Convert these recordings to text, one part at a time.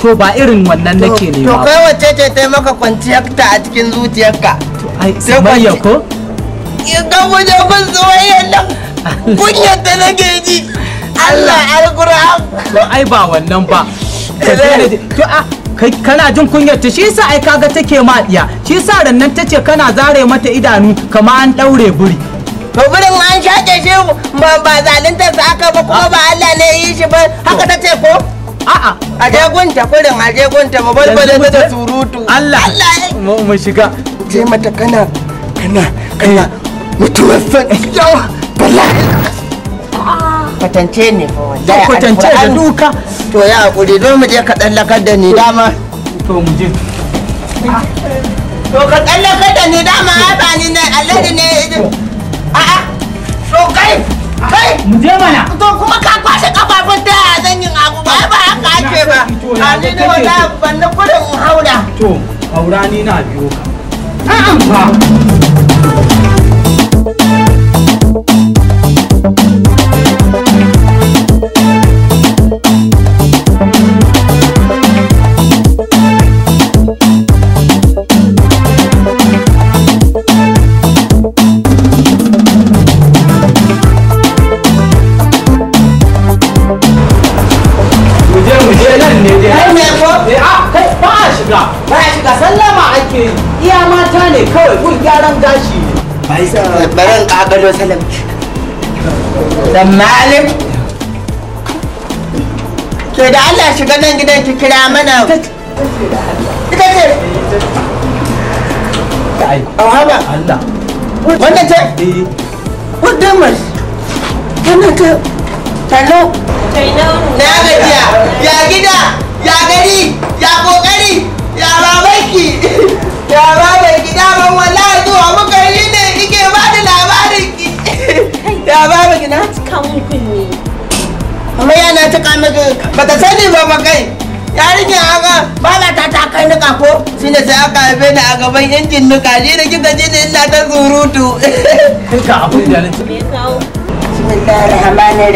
to ba irin wannan nake nema to kai wacce ce ta maka kwanciyar ta a cikin zuciyarka to ai samayya ko idan waje kun soyayya nan kunyar da nake ji Allah alquran to ai ba wannan ba to a kai kana jin kunyar ta shi yasa ai kaga take ma diya shi yasa rannan tace kana zare mata idanu kama an daure buri to gurin an shaƙe shi ba ba zalunta aka ba kuma ba Allah ne yi shi ba haka tace ko a'a a je gunta kurin a je gunta mu balbala da surutu Allah Allah mu shiga je mata kana kana kana mutuwar san yawa bala kwatance ne fa wallahi kwatance da duka to ya hakuri don mu je ka tsallakar da ni dama to mu je to ka tsallakar da ni dama ba ni ne Allah ne a'a to kai kai mu je mana to kuma Ali ne wala ban na gudun in haura. To, haura ni na biyo ka. A'a ba. nan gashi bayan ƙagalo salam dan malam da Allah shiga nan gidan ki kira mana ita ce Allah wannan ce eh. wannan talo na gajiya ya gida ya gari ya kokari ya babaki Yara mai gida ban wallahi zuwa muka yi ne ike ba da labarin ki. Ya ba mu gina cika mun kunne. Amma ta cika miki bata sani ba ba kai. Yarinya haka bala ta ta kai nika ko ne sai aka haife ni a gaban injin nika ni da kika ji ne ina ta surutu. Duka abin da nake.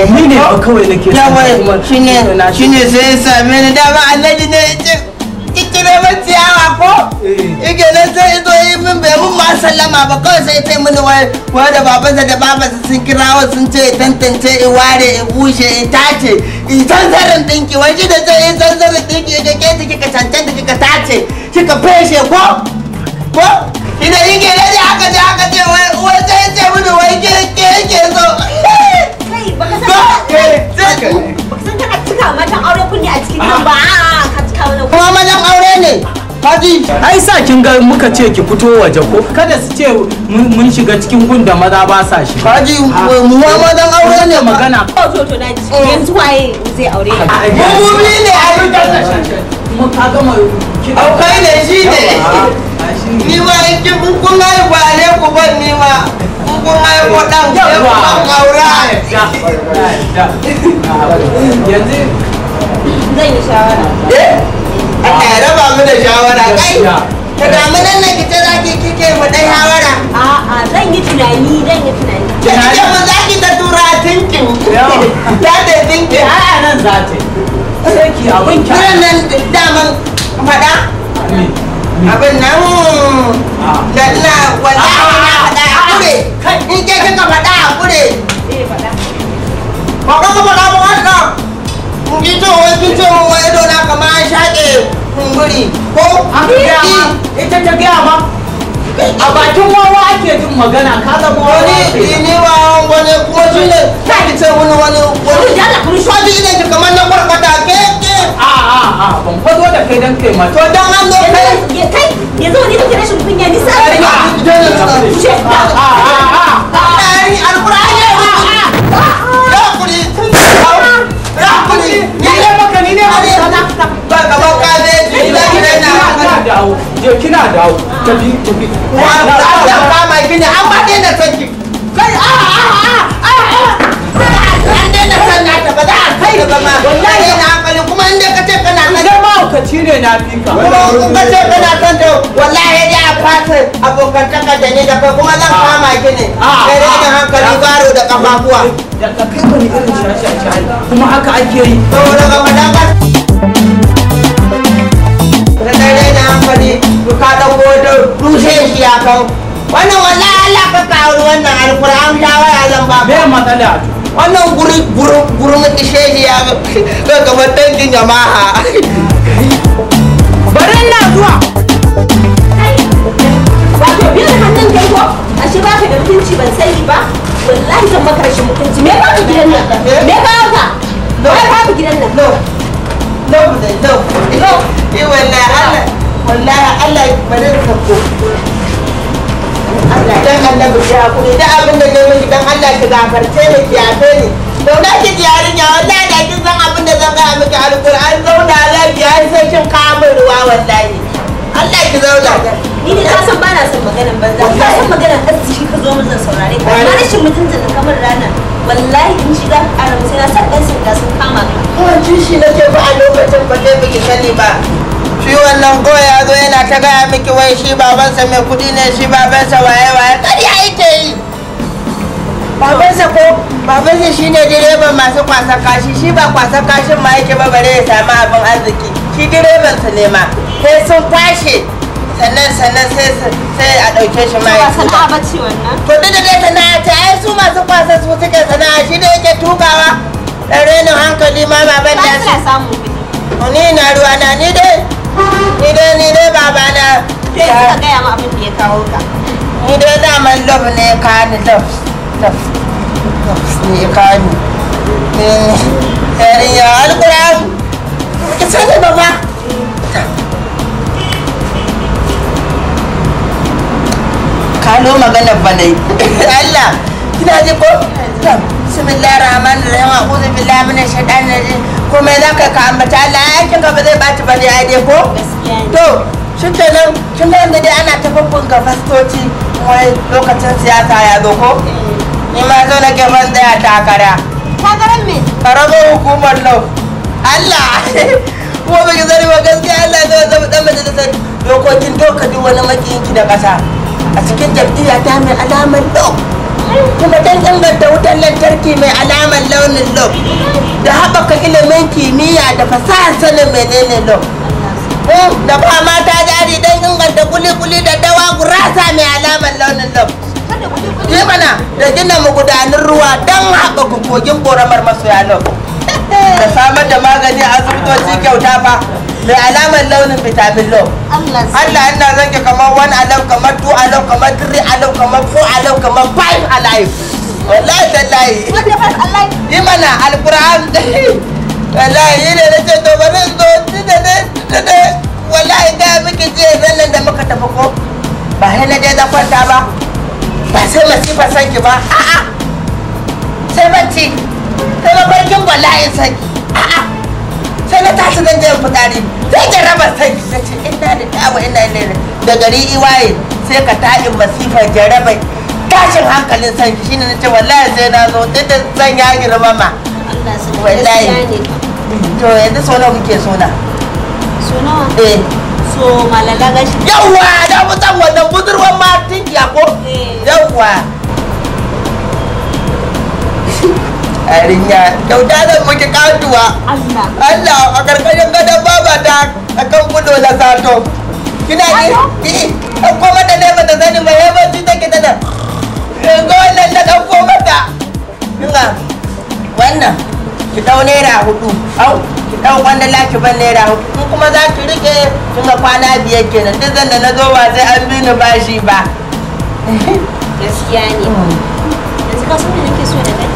Me Ni ne ba kawai nake. Yawa shine shine sai ya same ni dama Allah ne ya ce. neman ciyawa ko eh. ike nan sai ito yi min bai mun ma sallama ba kawai sai ta mini wai da babansa da babansa sun kirawo sun ce tantance in ware in bushe in tace in sanzarin dinki wai shi da sai in sanzarin dinki ya ke kika cancanta kika tace kika feshe ko ko ina yi ke nan aka ce aka ce wai wai sai ce mini wai ke ke ke so kai baka san eh, ka cika mata aure kunni a cikin nan ba ah, kuma mazan aure ne Haji. Ai sa kin ga muka ce ki fito waje ko kada su ce mun shiga cikin gun da maza ba sa shi. Haji mu ma mazan aure ne magana. Oh, to to na ji yanzu waye zai aure. Mu mu ne ai. Mu ka gama Aukai ne shi ne. Ni ma in ki kun haifa ne ku ban ni ma. kuma Kun haifo ɗan ku ban aura. Yanzu zan yi shawara eh Allah eh. ya eh, raba mu da shawara kai ka damu nan na ki za ki kike mu dai shawara a'a zan yi tunani zan yi tunani kike mu za ki ta tura tinkin ta ta tinkin eh, a'a nan za ta sai ki abin ki nan daman fada abin nan da na wallahi na faɗa a kure in ke kika faɗa a kure ba ka faɗa ba wannan fitowar fitowar ido na kama an shaƙe kumburi ko ita ta gaya ma a bakin wawa ake jin magana ka zama wani ni wawan wani kuma shi ne ta ce wani wani wani ya da kuma shi ne ta kamar na kwarkwata ke ke a a a ban kwazo da kai dan kai ma to dan an zo kai kai yanzu wani kake rashin kunya ni sa ka a a a a a a a a a a a a ba dawo je kina dawo tafi wa da ba mai gina an ba dena sanki kai a a a a an dena sanna ta ba za a kai ba ma wallahi na eh, hankali kuma inda ka ce kana nan sai ma ka cire na fika kuma in ka ce kana san ta wallahi ya fasa abokan taka da ne da kai kuma zan kama ki ne kai da hankali baro da kafafuwa da kai wani irin shashi a kuma haka ake yi saboda ba madan gari to ka dauko da dushe shi ya kawo wannan wallahi Allah ka kawo wannan alquran shawara zan ba me matsala wannan guri guri guri mutishe shi ya ga kamar dangin jama'a barin na zuwa wato biyu da hannun ba ka da mutunci ban sani ba wallahi zan maka rashin mutunci me ba ka gidan nan eh? me ba ka ba ka gidan nan no no no no eh, wallahi Allah ba zai sako Allah dan annabi ki hakuri da abin da zai miki dan Allah ki gafarce ni ki yafe ni to na ki ji yarinya wallahi da kin san abin da zan ga miki alquran zauna lafiya sai kin kawo ruwa wallahi Allah ki zauna ni da ka san ba na son maganan banza ka san maganan arziki ka zo mun zan saurare ka na rashin mutunta da kamar rana wallahi in shiga a rabu sai na san ɗan sanda sun kama ka kawai tushe nake ba a lokacin ba zai bigi sani ba shi wannan goya ya zo yana ta gaya miki wai shi babansa mai kudi ne shi babansa waye waye ƙarya yake yi babansa ko babansa shi ne direban masu kwasa kashi shi ba kwasa kashin ma yake ba bare ya samu abin arziki shi direbansa ne ma sai sun kwashe sannan sannan sai a ɗauke shi ma yake sana'a ba ce wannan to duk da dai sana'a ta ai su masu kwasa su suke sana'a shi ne yake tukawa ɗan renin hankali ma baban da su ba samu kuɗi ni na ruwa na ni dai ni dai ni dai babana ma abin da ya kawo ka ni dai daman love ne ya kawo ni love love ne ka ni yarin ya alƙur'an ki sani ba ma ka Allah kina ji ko bismillahir rahmanir rahim a'udhu billahi minash shaitanir ko komai zaka ka ambata Allah ya kinka ba zai bata bane ai dai ko to shikenan kin ga yanda dai ana ta babban gafastoci wai lokacin siyasa ya zo ko eh. ni ma zo na ke ban tsaya takara takaran me karago hukumar lau Allah kuma ba ki zari ba gaskiya Allah zai zama dan majalisar dokokin doka duk wani makiyinki da kasa a cikin jam'iyya ta mai alamar lau kuma don inganta wutar lantarki mai alamar launin lob da haɓaka ilimin kimiyya da fasaha sanin menene lob da ba mata jari don inganta kuli-kuli da dawa gurasa mai alamar launin lob yi mana da gina magudanin ruwa don haɓaka kogin ƙoramar masoya lob da samar da magani a asibitoci kyauta fa mai alamar launin vitamin law Allah ina zan ki kamar one alam kamar two alam kamar three alam kamar four alam kamar five alive wallahi tallahi yi mana alkur'an wallahi yi ne na ce to bari zo da ne da ne wallahi ga miki je zallan da muka tafi ko ba sai na je da kwanta ba ba sai masifa sanki ba a'a sai bacci sai mafarkin bala'in sanki a'a sai na tashi zan je fitari sai ke raba sai na ce ina da tawa ina ina da gari iwaye sai ka ta'in masifa jarabai tashin hankalin san shi ne na ce wallahi sai na zo sai da zan ya girma ma wallahi to yanzu so nawa kuke so na so nawa eh so malala gashi yawa da mutan wannan budurwan ma tinkiya ko eh. yawa yarinya kyauta zan miki katuwa Allah a karkashin gadon baba ta a kan gudu na sato kina ji an koma da ne mata zani mai yabanci take tana yanzu wannan na dan koma ta wannan ki ɗau naira hudu au ki ɗau wanda laki ban naira hudu in kuma za ki riƙe. kin kwana biyar kenan duk zan da na zo ba sai an bi ni bashi ba gaskiya ne hmm. yanzu ka so ne nake so da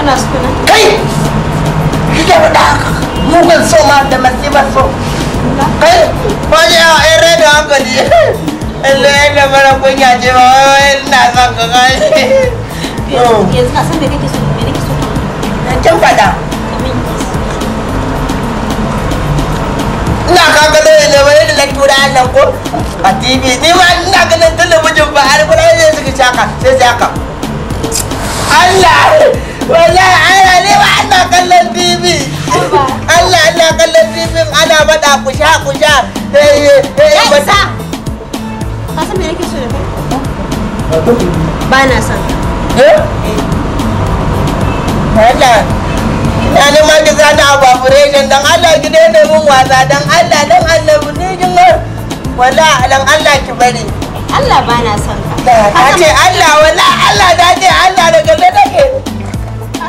kana sukuna kai kike faɗa mugun so ma da so kai wani a yan da hankali Allah ya da mara kunya ce ba ina son ka kai oh. yanzu ka san me kake so me so ina ka da wani da tura nan ko a tv ni ma ina ganin talabijin ba har kuma yanzu ka shaka sai sai haka Allah wallahi ana ne ba ana kallon tv Allah ana kallon tv ana bada kusha kusha hey hey hey ba ka san me yake so da kai ba na san eh Allah ya ne ma ki zana abu a fureshin dan Allah ki daina mun wasa dan Allah dan Allah mu ne kin wala dan Allah ki bari Allah ba na son ka ka ce Allah wala Allah ta ce Allah daga ne nake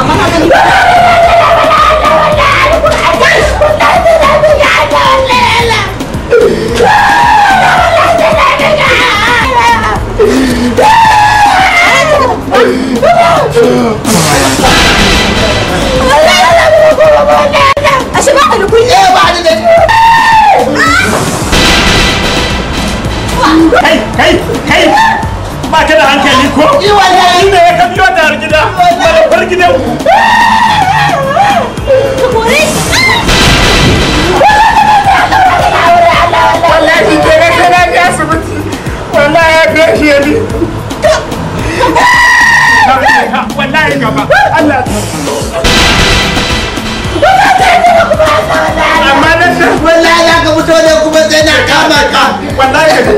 amma ka gani Kai, kai, kai! Ba ka da hankali ko? Ni wallahi! Ni ne ya kafiyo da har gida! bar gidan wallahi ke na sai na je asibiti wallahi ya fiye shi yali wallahi gaba Allah amma nan da wallahi za ka fito ne kuma sai na kama ka wallahi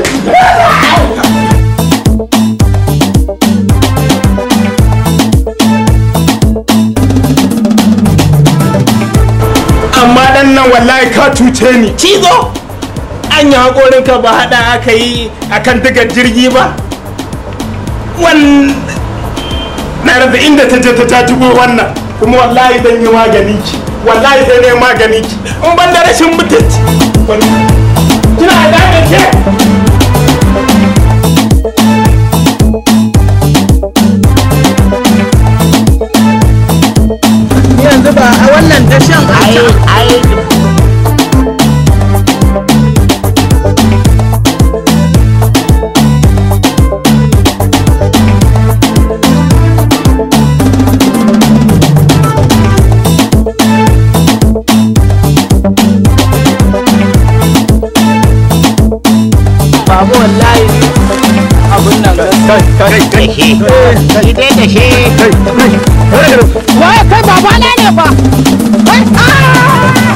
ɗan nan wallahi ka cuce ni cizo an yi haƙorin ka ba haɗa aka yi akan digar jirgi ba na rasa inda ta je ta jajibo wannan kuma wallahi zan yi magani ki wallahi sai ne magani ki in ban da rashin mutunci kina da ke yanzu ba a wannan dashen a kai kai kai kai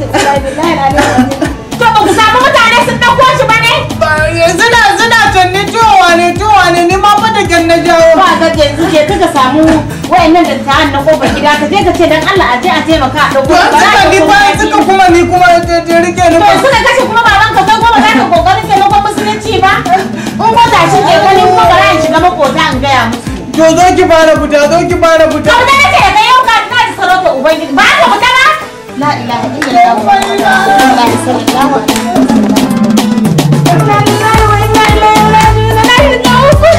mota to ba ku samu mutane sun dauko shi ba ne yanzu na yanzu tuwa ne ne ni ma fa da kyan na jawo ba ga yanzu ke ka samu wayannan da ta ko ba gida ka je ka ce dan Allah a je a taimaka a ba su ka ba suka kuma ni kuma ta rike ni ba suka kashe kuma baban ka kai kuma ba ka kokarin taimakon musulunci ba ko tashi ke kani kuma ba za in shiga makota in gaya musu to zo ki fara fita zo ki fara fita. Kamar da nake yau ka na da sarauta Ubangiji ba ka fita ba. la ilaha illallah wallahi sallallahu alaihi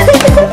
wasallam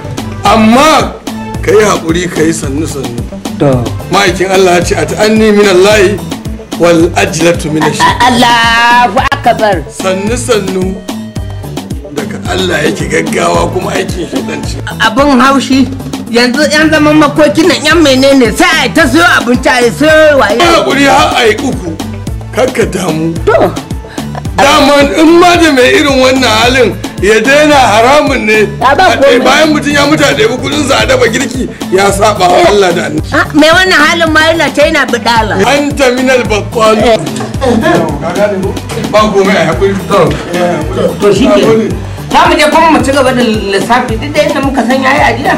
amma ka yi haƙuri ka yi sannu sannu ma'aikin Allah ya ce a ta'anni min Allah wal ajlatu min shi Allahu akbar sannu sannu daga Allah yake gaggawa kuma aikin shi dan ci abun haushi yanzu yan zaman makokin nan yan menene sai a ta siyo abinci a siyo waye haƙuri har a yi uku kakka damu to daman in ma da mai irin wannan halin ya daina haramun ne bayan mutum ya mutu a ɗebi kudin sa a dafa girki ya saba wa Allah da annabi ah, me wannan halin ma yana ta yana bidala anta minal battal ba gome a hakuri to shi ke ta mu je kuma mu ci gaba da lissafi duk da yadda muka san yayi a gida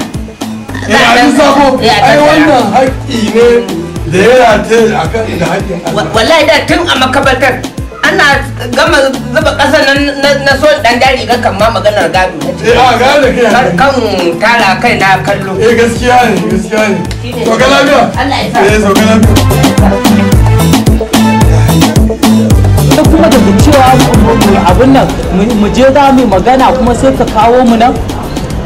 eh a lissafo ai wannan haƙƙi ne da yana ta akan da haƙƙin Allah wallahi da tun a makabartar ana gama zuba ƙasa na so dan jari ga kan ma maganar gado na ce eh, a gado ke kan tara kai na kallo eh gaskiya ne gaskiya ne to ga lafiya Allah ya sa eh to ga lafiya kuma da cewa abin nan mu je za mu magana kuma sai ka kawo mu nan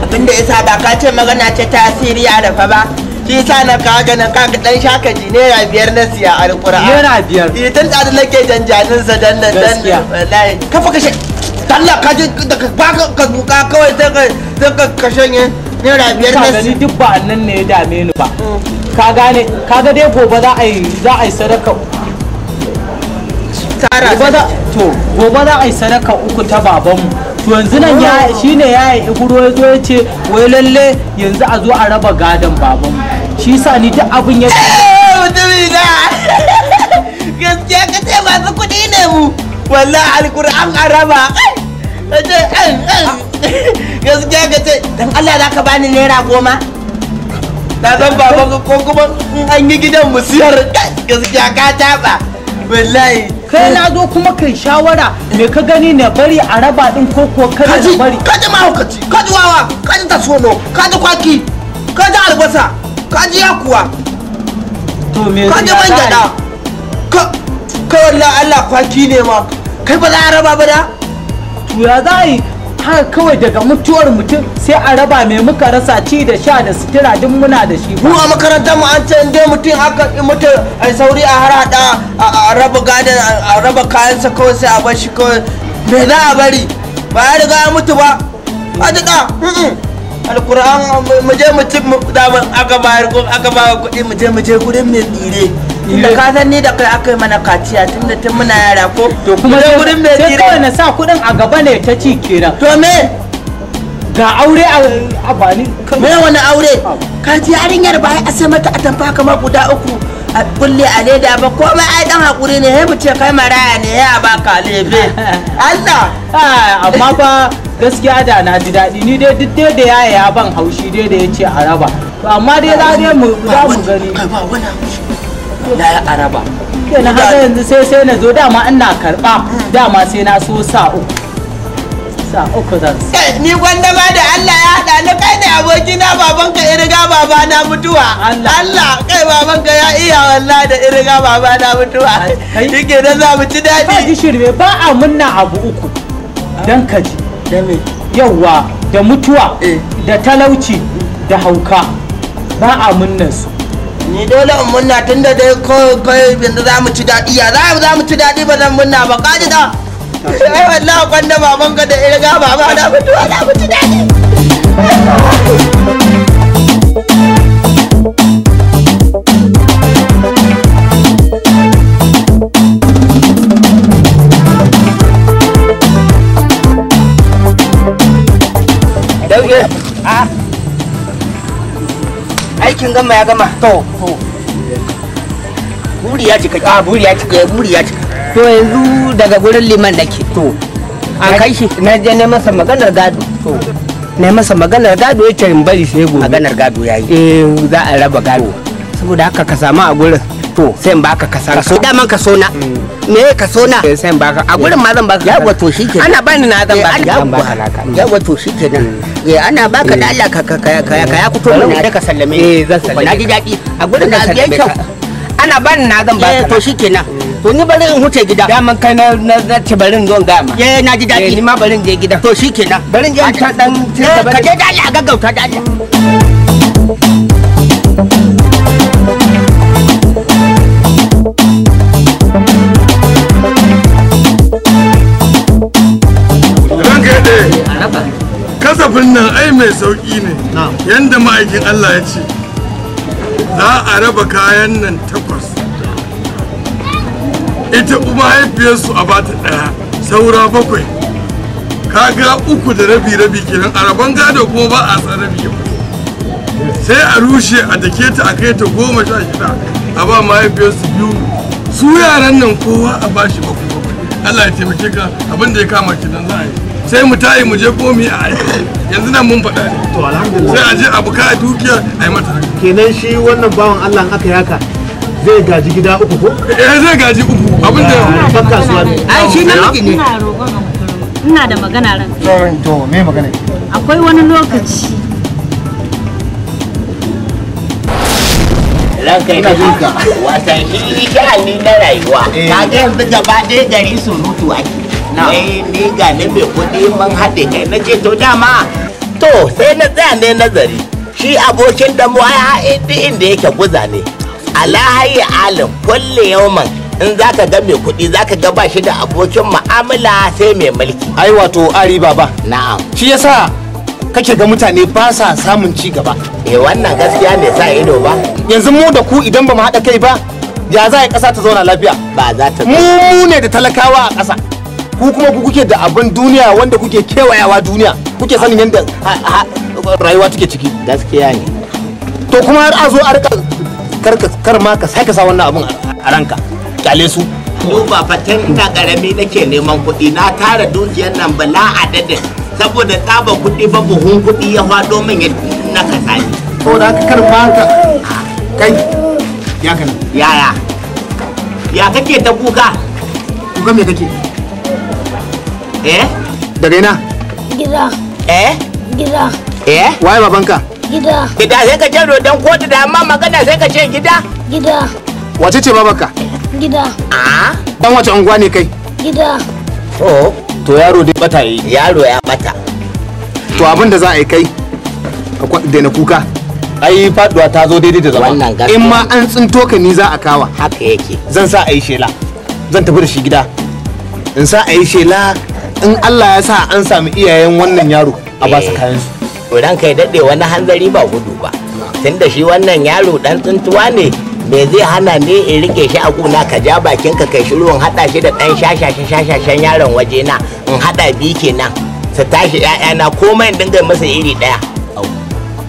abinda ya sa ba ka ce magana ce ta asiriya da fa ba kisa na kaga na kaga dan shaka ji ya biyar na siya alƙur'an naira biyar ni tun da nake janjanin sa dan nan dan wallahi ka fa kashe talla ka ji da ka baka ka buka kawai sai ka sai ka kashe ne naira biyar na siya ni duk ba nan ne ya dame ni ba ka gane kaga dai gobe za a yi za a yi sadaka tara to gobe za a yi sadaka uku ta babanmu yanzu nan ya shine ya yi iguro ya zo ya ce wai lalle yanzu a zo a raba gadon babanmu shi yasa ni duk abin ya eh, mutumi na gaskiya ka ce masu kuɗi ne mu wallahi alkur'an araba gaskiya ka ce dan Allah za ka bani naira goma na san baban ko kuma in an yi gidan mu siyar gaskiya ka taɓa wallahi kai na zo kuma kai shawara me ka gani na bari a raba din ko ko kada na bari kaji mahaukaci kaji wawa kaji tasono kaji kwaki kaji albasa ya kuwa to me ka ji man gada ka ka wallahi Allah kwaki ne ma kai ba za a raba ba da to ya zai yi kawai daga mutuwar mutum sai a raba mai muka rasa ci da sha da sutura duk muna da shi mu a makarantar mu an ce dai mutum haka mutum ai sauri a harada a raba gadan a raba kayansa kawai sai a bar shi kawai me za a bari ba ya riga ya mutu ba a duka alkur'an mu je mu ci daman aka bayar ko aka ba kuɗi mu je mu je gurin mai tsire inda ka san ni da kai aka yi mana kaciya tunda tun muna yara ko to kuma sai gurin mai tsire sai na sa kuɗin a gaba ne ta ci kenan to me ga aure a bani me wani aure ka ji yarinyar ba a sai mata a tamfa kamar guda uku a kulle a leda ba komai ai dan hakuri ne he mu ce kai maraya ne ya ka lebe Allah amma fa gaskiya da na ji daɗi ni dai duk da yaya ya ban haushi dai da ya ce araba amma dai za dai mu za mu gani na araba kenan haɗa yanzu sai sai na zo dama ina karɓa mm. dama sai na so sa uku sa uku zan sa ni gwanda ma da Allah ya haɗa ni kai ne abokina babanka iriga baba babana mutuwa Allah kai babanka ya iya wallahi da iriga baba babana mutuwa shike da za mu ci daɗi ka ji shirme ba a munna abu uku dan ka ji da me yawa da mutuwa eh. da talauci da hauka ba a munnan su ni dole in munna tunda dai kawai yanzu za mu ci daɗi ya za mu ci daɗi ba zan munna ba da ai wallahi kwanda baban ka da irga baba na mutu na mutu dadi Dauke, a aikin gama ya gama to buriya cika a ah, buriya cika eh, buriya cika to yanzu daga gurin liman nake to an kai shi na je ne masa maganar gado to na masa maganar gado ya ce in bari sai gobe maganar gado yayi eh za a raba gado saboda haka ka samu a gurin to sai in baka kasa da daman kaso na mm. me ka so na eh, sai in baka a gurin ma zan baka yawa to shike ana bani na zan eh, baka yawa baka naka yawa to shikenan eh ana baka eh. da Allah ka ka ka ka ya fito mun da ka sallame eh zan sallame na ji dadi a gurin da ka ana bani na zan baka to nan. to ni bari in huce gida daman kai na na barin zuwa ga ma eh na ji daɗi eh, ni ma barin je gida to shikenan barin je ta dan eh, ka je dali a gaggauta dali kasafin nan ai mai sauƙi ne yadda ma'aikin Allah ya ce za a raba kayan nan ita mahaifiyarsu a bata ɗaya saura bakwai kaga uku da rabi rabi kenan a rabon gado kuma ba a san rabi sai a rushe a dake ta a kai ta goma sha shida a ba mahaifiyarsu biyu su yaran nan kowa a ba shi bakwai Allah ya taimake ka abin da ya kama ki nan za a yi sai mu tayi mu je komi a aiki yanzu nan mun faɗa ne sai a je abu ka dukiya a yi mata kenan shi wannan bawan Allah in aka yaka zai gaji gida uku ko? eh zai gaji uku abin da ah, ba kasuwa ne ai shi namiji ne ina roƙon ina da magana ran to me magana akwai wani lokaci ranka ina jinka wasan shi sha'ani na rayuwa eh. ka ga yanzu gaba ɗaya gari surutu ake ne eh, ni ga na mai kuɗi man haɗe kai na ce to dama to sai na tsaya ne nazari shi abokin da mu ai inda yake guza ne alahayi alim kulle yawman in za ga mai kuɗi za ka ga ba shi da abokin mu'amala sai mai mulki ai wato ari baba na'am shi yasa kake ga mutane ba sa samun ci gaba eh wannan gaskiya ne sa ido ba yanzu mu da ku idan ba mu haɗa kai ba ya za a ƙasa ta zauna lafiya ba za ta mu ne da talakawa a ƙasa ku kuma ku kuke da abin duniya wanda kuke kewayawa duniya kuke sanin yadda rayuwa take ciki gaskiya ne to kuma har a zo a rika kar ma ka sake sa wannan abun a ranka kyale su ba fatan ina karami nake neman kuɗi na tara dukiyar nan bala adadin saboda tsaba kuɗi ba buhun kuɗi ya faɗo min ya na ka sani to da ka kar ma ka kai ya kana ya ya kake ta kuka kuka me kake eh daga ina gida eh gida eh waye babanka Gida. Gida sai ka ce dodon kotu da amma magana sai ka ce gida? Gida. Wace ce babarka? Gida. A? Dan wace unguwa ne kai? Gida. To, to yaro dai bata yi. Yaro ya bata. To abin da za a yi kai, ka daina kuka. Ai faduwa ta zo daidai da zama. Wannan gaskiya. In ma an tsinto ka ni za a kawa. Haka yake. Zan sa a yi shela. Zan tafi da shi gida. In sa a yi shela in Allah ya sa an sami iyayen wannan yaro a ba su eh. kayansu. ranka kai daɗe wani hanzari ba gudu ba tun da shi wannan yaro ɗan tsuntuwa ne me zai hana ne in rike shi a kuna ka ja bakin ka kai shiru in haɗa shi da ɗan shashashe shashashen yaron waje na in haɗa biyu kenan su tashi na komai dinga masa iri ɗaya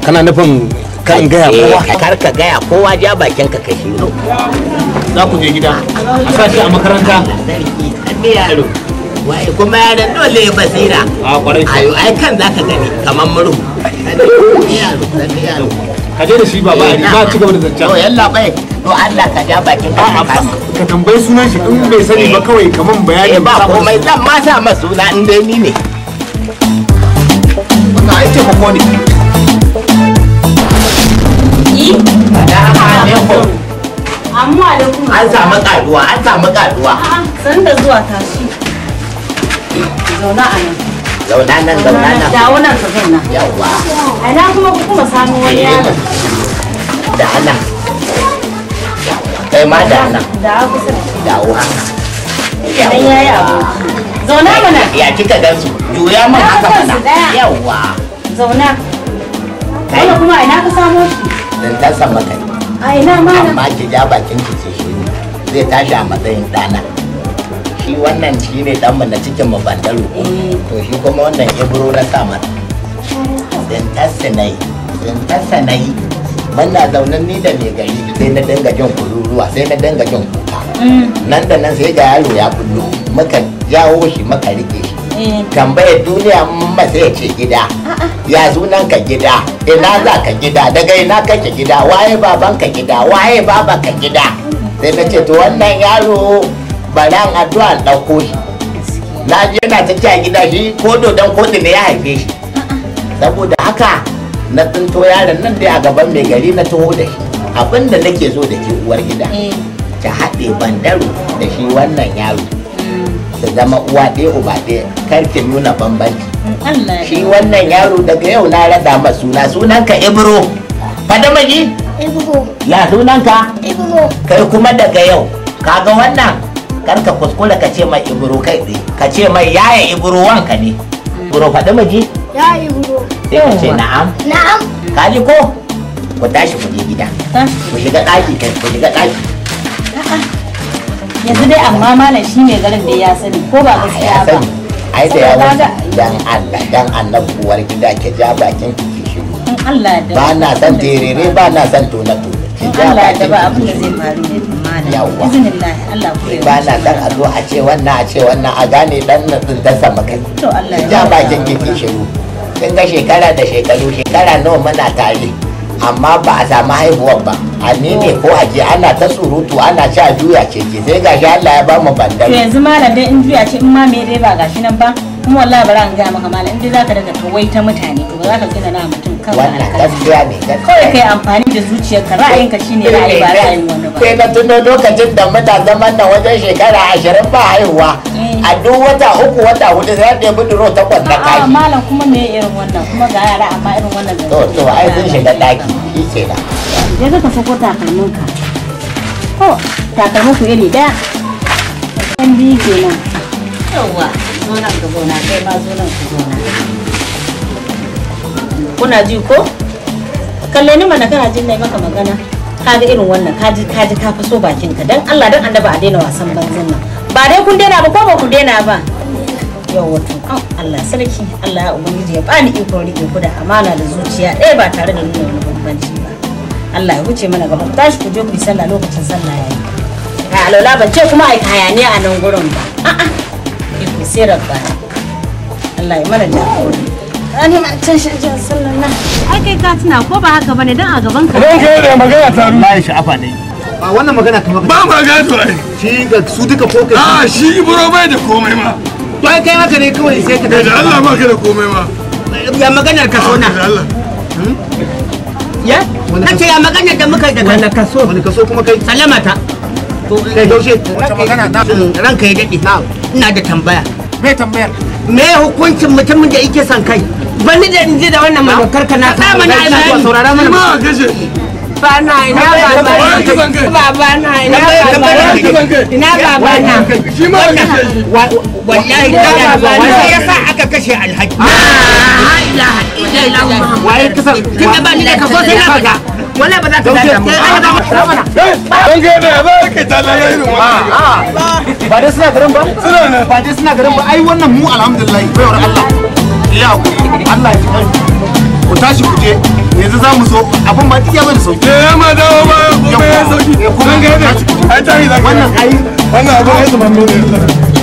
kana nufin kan gaya eh, kowa kar ka gaya kowa ja bakin ka kai shiru za ku je gida a sa shi a makaranta kuma yaran dole basira ai kan zaka gani kamar murhu ka je da shi ba ba ba ci gaba da zancen yalla bai to Allah ka ja bakin ka ka tambayi sunan shi bai sani ba eh. kawai kaman bayani eh, ba ma sa masa suna in dai ni ne ne an samu an samu zauna nan zauna nan nan yawa na kuma ku kuma samu wani yaron da ana kai ma da ana dawo kusa dawo haka idan yayi aboki zauna mana ya kika gansu juya mun haka mana yawa zauna kai kuma a ina ka shi dan a ma amma ki ja bakin ki ce shi zai tashi a matsayin dana shi wannan shi ne ɗanmu na cikin mabandaro to shi kuma wannan ibro na samar tsintarsinai tsintarsinai muna zaunan ni da mai gari sai na dinga jin kururuwa sai na dinga jin kuka nan da nan sai ga yaro ya kullu muka jawo shi muka rike shi eh. tambaya duniya ma sai ya ce gida ya sunan ka gida ina za ka gida daga ina kake gida waye baban ka gida waye baba ka gida sai na ce to wannan yaro bari an addu'a ɗauko shi na je na tafiya gida shi ko dodon koɗi ne ya haife shi saboda haka na tsinto yaron nan dai a gaban mai gari na taho da shi abin nake so da ke uwar gida mm. ta haɗe bandaro da shi wannan yaro mm. ta zama uwa ɗaya uba ɗaya karki nuna bambanci shi wannan yaro daga yau na rada ma suna sunanka ibro fada maji Ibro. ya sunanka kai kuma daga yau kaga wannan kar ka kuskura ka ce mai iburu kai ka ce mai yaya iburu wanka ne iburu faɗi maji ya iburu sai ka ce na'am na'am ka ji ko ku tashi ku je gida ku shiga ɗaki ku shiga ɗaki yanzu dai amma malam shi ne garin da ya sani ko ba gaskiya ba ai da ya dan Allah dan Allah buwar gida ke ja bakin ki ki shigo Allah da ba na san terere ba na san tona tona ki ja bakin ki Allah da ba abin da zai faru yawwa ba na dan a zo a ce wannan a ce wannan a gane dan na tsinta sama kai to bakin kike shiru kin ga shekara da shekaru shekara nawa muna tare amma ba a samu haihuwar ba a ne ko a je ana ta surutu ana ci a juya ce ke sai gashi Allah ya ba mu bandar yanzu malam dai in juya ce in ma me dai ba gashi nan ba kuma wallahi bara an gaya maka malam indai zaka daga kawai ta mutane ba za ka tsina na mutum kan wannan gaskiya ne kawai kai amfani da zuciyarka ra'ayinka shine eh, ra'ayi ba eh, ra'ayin wani ba kai eh, ka tuno lokacin da matasan nan wajen shekara ashirin ba haihuwa a duk wata uku wata hudu za ta buduro ta kwanta kaji. a malam kuma me irin wannan kuma ga yara amma irin wannan to to ai sun shiga daki shi kenan yanzu ka sako takalminka ko takalmin ku iri daya ɗan biyu kenan yawwa zo nan kai ma kuna ji ko kalle ni mana kana jin nai maka magana ka ga irin wannan ka ji ka ji ka faso bakin ka dan Allah dan annaba a daina wasan banzan nan ba dai kun daina ba ko ba ku daina ba yawwa to Allah sarki Allah ya ubangiji ya bani iko rike ku da amana da zuciya ɗaya ba tare da nuna wani bambanci ba Allah ya huce mana gaba tashi ku je ku yi sallah lokacin sallah yayi ka alola ban ce kuma ai hayaniya a nan gurin ba a'a iko sai rabba Allah ya mana jagora ani ma can shi jin nan ai kai ka tuna ko ba haka bane dan a gaban ka ran kai magana ta ruwa ya sha'afa ne ba wannan magana kamar ba ma ga to ai shi ga su duka a ah, shi ibro bai da komai ma ba kai haka ne kawai sai ka da Allah ba ka da komai ma ya maganar ka sona Allah hmm? ya kace ya maganar da muka da wani kaso wani kaso kuma kai salama ta to kai yaushe ranka ya dade na'am ina da tambaya me tambayar me hukuncin mutumin da yake son kai ni da in da wannan manokar ka na tsama na alheri saurara mana ma gaje ba na ina ba ba ba ba na ina ba ba ina ba ba na shi ma gaje wallahi ya ba Ya sa aka kashe alhaji ha ila ila. wai kasa. kin ba ni da kaso sai na faga wala ba za ka dada mu dan ga da ba ka talla ne irin wannan ba dai suna garin ba suna ne ba dai suna garin ba ai wannan mu alhamdulillah bayar Allah ya ku Allah ya kai ku tashi ku je yanzu za mu zo abin ba iya bane sauki eh ma dawo ba kuma ya sauki kuma ga da ai tashi za ka wannan ai wannan abin ya zama ne